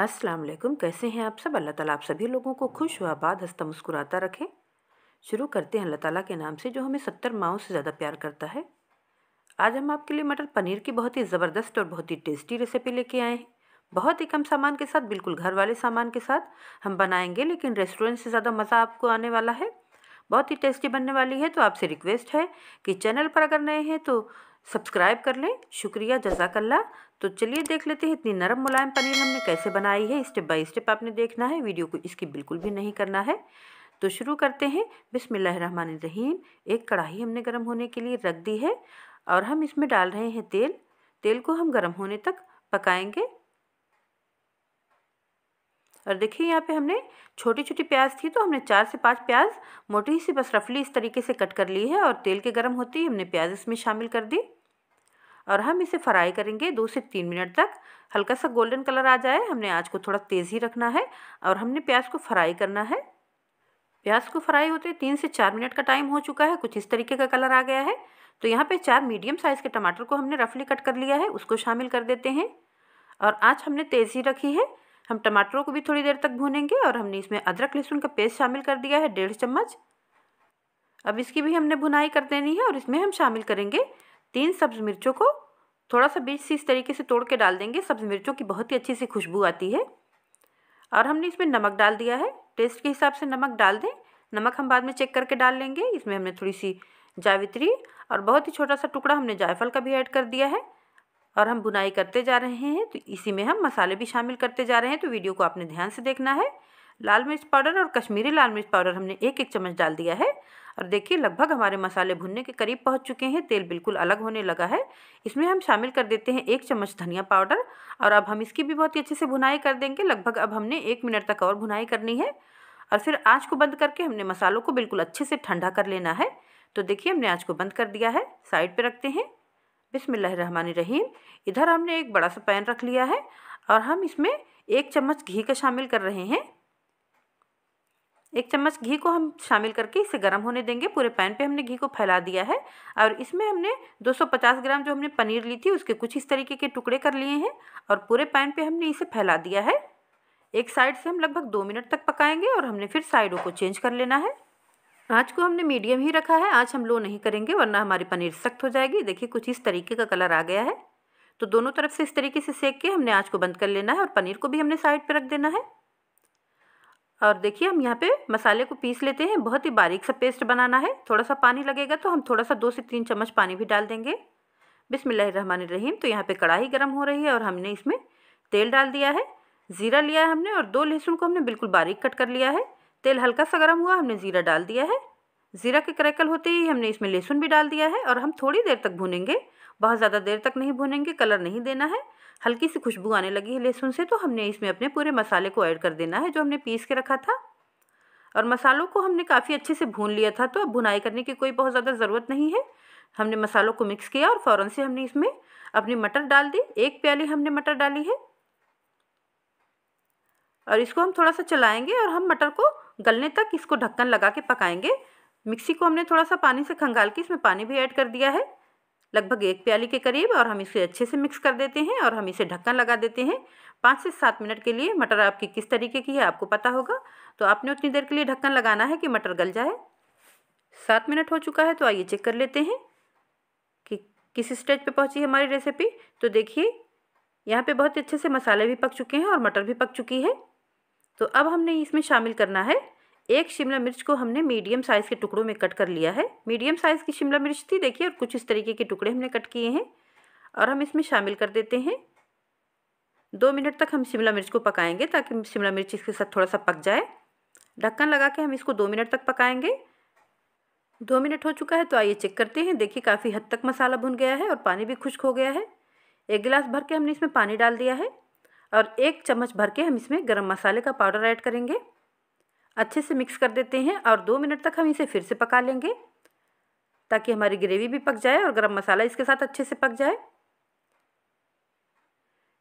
अस्सलाम वालेकुम कैसे हैं आप सब अल्लाह ताला आप सभी लोगों को खुश व आबाद हंसता मुस्कुराता रखें शुरू करते हैं अल्लाह ताला के नाम से जो हमें सत्तर माओं से ज़्यादा प्यार करता है आज हम आपके लिए मटर पनीर की बहुत ही ज़बरदस्त और बहुत ही टेस्टी रेसिपी लेके आए हैं बहुत ही कम सामान के साथ बिल्कुल घर वाले सामान के साथ हम बनाएंगे लेकिन रेस्टोरेंट से ज़्यादा मज़ा आपको आने वाला है बहुत ही टेस्टी बनने वाली है तो आपसे रिक्वेस्ट है कि चैनल पर अगर नए हैं तो सब्सक्राइब कर लें शुक्रिया जजाकल्ला तो चलिए देख लेते हैं इतनी नरम मुलायम पनीर हमने कैसे बनाई है स्टेप बाय स्टेप आपने देखना है वीडियो को इसकी बिल्कुल भी नहीं करना है तो शुरू करते हैं बिसमीम एक कढ़ाई हमने गर्म होने के लिए रख दी है और हम इसमें डाल रहे हैं तेल तेल को हम गर्म होने तक पकाएंगे और देखिए यहाँ पे हमने छोटी छोटी प्याज थी तो हमने चार से पांच प्याज मोटी सी बस रफली इस तरीके से कट कर ली है और तेल के गर्म होते ही हमने प्याज इसमें शामिल कर दी और हम इसे फ्राई करेंगे दो से तीन मिनट तक हल्का सा गोल्डन कलर आ जाए हमने आँच को थोड़ा तेज़ ही रखना है और हमने प्याज को फ्राई करना है प्याज को फ्राई होते तीन से चार मिनट का टाइम हो चुका है कुछ इस तरीके का कलर आ गया है तो यहाँ पे चार मीडियम साइज़ के टमाटर को हमने रफली कट कर लिया है उसको शामिल कर देते हैं और आँच हमने तेज़ ही रखी है हम टमाटरों को भी थोड़ी देर तक भूनेंगे और हमने इसमें अदरक लहसुन का पेस्ट शामिल कर दिया है डेढ़ चम्मच अब इसकी भी हमने भुनाई कर देनी है और इसमें हम शामिल करेंगे तीन सब्ज़ मिर्चों को थोड़ा सा बीज से इस तरीके से तोड़ के डाल देंगे सब्ज़ मिर्चों की बहुत ही अच्छी सी खुशबू आती है और हमने इसमें नमक डाल दिया है टेस्ट के हिसाब से नमक डाल दें नमक हम बाद में चेक करके डाल लेंगे इसमें हमने थोड़ी सी जावित्री और बहुत ही छोटा सा टुकड़ा हमने जायफल का भी ऐड कर दिया है और हम बुनाई करते जा रहे हैं तो इसी में हम मसाले भी शामिल करते जा रहे हैं तो वीडियो को आपने ध्यान से देखना है लाल मिर्च पाउडर और कश्मीरी लाल मिर्च पाउडर हमने एक एक चम्मच डाल दिया है और देखिए लगभग हमारे मसाले भुनने के करीब पहुंच चुके हैं तेल बिल्कुल अलग होने लगा है इसमें हम शामिल कर देते हैं एक चम्मच धनिया पाउडर और अब हम इसकी भी बहुत ही अच्छे से भुनाई कर देंगे लगभग अब हमने एक मिनट तक और भुनाई करनी है और फिर आँच को बंद करके हमने मसालों को बिल्कुल अच्छे से ठंडा कर लेना है तो देखिए हमने आँच को बंद कर दिया है साइड पर रखते हैं रहीम इधर हमने एक बड़ा सा पैन रख लिया है और हम इसमें एक चम्मच घी का शामिल कर रहे हैं एक चम्मच घी को हम शामिल करके इसे गर्म होने देंगे पूरे पैन पे हमने घी को फैला दिया है और इसमें हमने 250 ग्राम जो हमने पनीर ली थी उसके कुछ इस तरीके के टुकड़े कर लिए हैं और पूरे पैन पे हमने इसे फैला दिया है एक साइड से हम लगभग दो मिनट तक पकाएंगे और हमने फिर साइडों को चेंज कर लेना है आँच को हमने मीडियम ही रखा है आज हम लो नहीं करेंगे वरना हमारी पनीर सख्त हो जाएगी देखिए कुछ इस तरीके का कलर आ गया है तो दोनों तरफ से इस तरीके से सेक के हमने आँच को बंद कर लेना है और पनीर को भी हमने साइड पर रख देना है और देखिए हम यहाँ पे मसाले को पीस लेते हैं बहुत ही बारीक सा पेस्ट बनाना है थोड़ा सा पानी लगेगा तो हम थोड़ा सा दो से तीन चम्मच पानी भी डाल देंगे रहीम तो यहाँ पे कढ़ाई गर्म हो रही है और हमने इसमें तेल डाल दिया है ज़ीरा लिया है हमने और दो लहसुन को हमने बिल्कुल बारीक कट कर लिया है तेल हल्का सा गर्म हुआ हमने ज़ीरा डाल दिया है ज़ीरा के क्रैकल होते ही हमने इसमें लहसुन भी डाल दिया है और हम थोड़ी देर तक भूनेंगे बहुत ज़्यादा देर तक नहीं भूनेंगे कलर नहीं देना है हल्की सी खुशबू आने लगी है लहसुन से तो हमने इसमें अपने पूरे मसाले को ऐड कर देना है जो हमने पीस के रखा था और मसालों को हमने काफ़ी अच्छे से भून लिया था तो अब भुनाई करने की कोई बहुत ज़्यादा ज़रूरत नहीं है हमने मसालों को मिक्स किया और फ़ौरन से हमने इसमें अपनी मटर डाल दी एक प्याली हमने मटर डाली है और इसको हम थोड़ा सा चलाएंगे और हम मटर को गलने तक इसको ढक्कन लगा के पकाएंगे मिक्सी को हमने थोड़ा सा पानी से खंगाल के इसमें पानी भी ऐड कर दिया है लगभग एक प्याली के करीब और हम इसे अच्छे से मिक्स कर देते हैं और हम इसे ढक्कन लगा देते हैं पाँच से सात मिनट के लिए मटर आपकी किस तरीके की है आपको पता होगा तो आपने उतनी देर के लिए ढक्कन लगाना है कि मटर गल जाए सात मिनट हो चुका है तो आइए चेक कर लेते हैं कि किस स्टेज पे पहुंची है हमारी रेसिपी तो देखिए यहाँ पे बहुत अच्छे से मसाले भी पक चुके हैं और मटर भी पक चुकी है तो अब हमने इसमें शामिल करना है एक शिमला मिर्च को हमने मीडियम साइज़ के टुकड़ों में कट कर लिया है मीडियम साइज़ की शिमला मिर्च थी देखिए और कुछ इस तरीके के टुकड़े हमने कट किए हैं और हम इसमें शामिल कर देते हैं दो मिनट तक हम शिमला मिर्च को पकाएंगे ताकि शिमला मिर्च इसके साथ थोड़ा सा पक जाए ढक्कन लगा के हम इसको दो मिनट तक पकाएंगे दो मिनट हो चुका है तो आइए चेक करते हैं देखिए काफ़ी हद तक मसाला भुन गया है और पानी भी खुश्क हो गया है एक गिलास भर के हमने इसमें पानी डाल दिया है और एक चम्मच भर के हम इसमें गरम मसाले का पाउडर ऐड करेंगे अच्छे से मिक्स कर देते हैं और दो मिनट तक हम इसे फिर से पका लेंगे ताकि हमारी ग्रेवी भी पक जाए और गरम मसाला इसके साथ अच्छे से पक जाए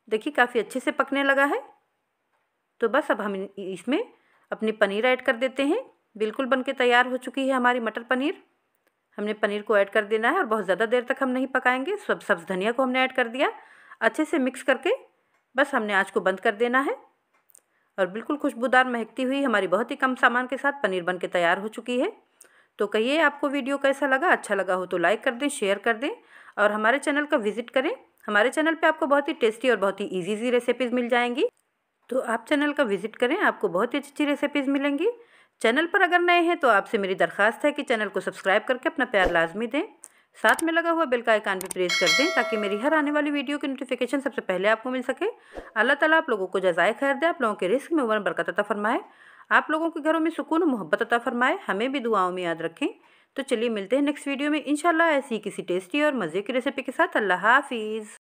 देखिए काफ़ी अच्छे से पकने लगा है तो बस अब हम इसमें अपनी पनीर ऐड कर देते हैं बिल्कुल बन के तैयार हो चुकी है हमारी मटर पनीर हमने पनीर को ऐड कर देना है और बहुत ज़्यादा देर तक हम नहीं पकाएंगे सब सब्ज़ धनिया को हमने ऐड कर दिया अच्छे से मिक्स करके बस हमने आँच को बंद कर देना है और बिल्कुल खुशबूदार महकती हुई हमारी बहुत ही कम सामान के साथ पनीर बन के तैयार हो चुकी है तो कहिए आपको वीडियो कैसा लगा अच्छा लगा हो तो लाइक कर दें शेयर कर दें और हमारे चैनल का विजिट करें हमारे चैनल पे आपको बहुत ही टेस्टी और बहुत ही इजी इजी रेसिपीज़ मिल जाएंगी तो आप चैनल का विजिट करें आपको बहुत ही अच्छी रेसिपीज़ मिलेंगी चैनल पर अगर नए हैं तो आपसे मेरी दरख्वास्त है कि चैनल को सब्सक्राइब करके अपना प्यार लाजमी दें साथ में लगा हुआ बेल का आइकान भी प्रेस कर दें ताकि मेरी हर आने वाली वीडियो की नोटिफिकेशन सबसे पहले आपको मिल सके अल्लाह ताला आप लोगों को जजाय खैर दे आप लोगों के रिस्क में उम्र बरकत अता फरमाए आप लोगों के घरों में सुकून मोहब्बत अता फरमाए हमें भी दुआओं में याद रखें तो चलिए मिलते हैं नेक्स्ट वीडियो में इंशाल्लाह ऐसी किसी टेस्टी और मज़े की रेसिपी के साथ अल्लाह हाफिज़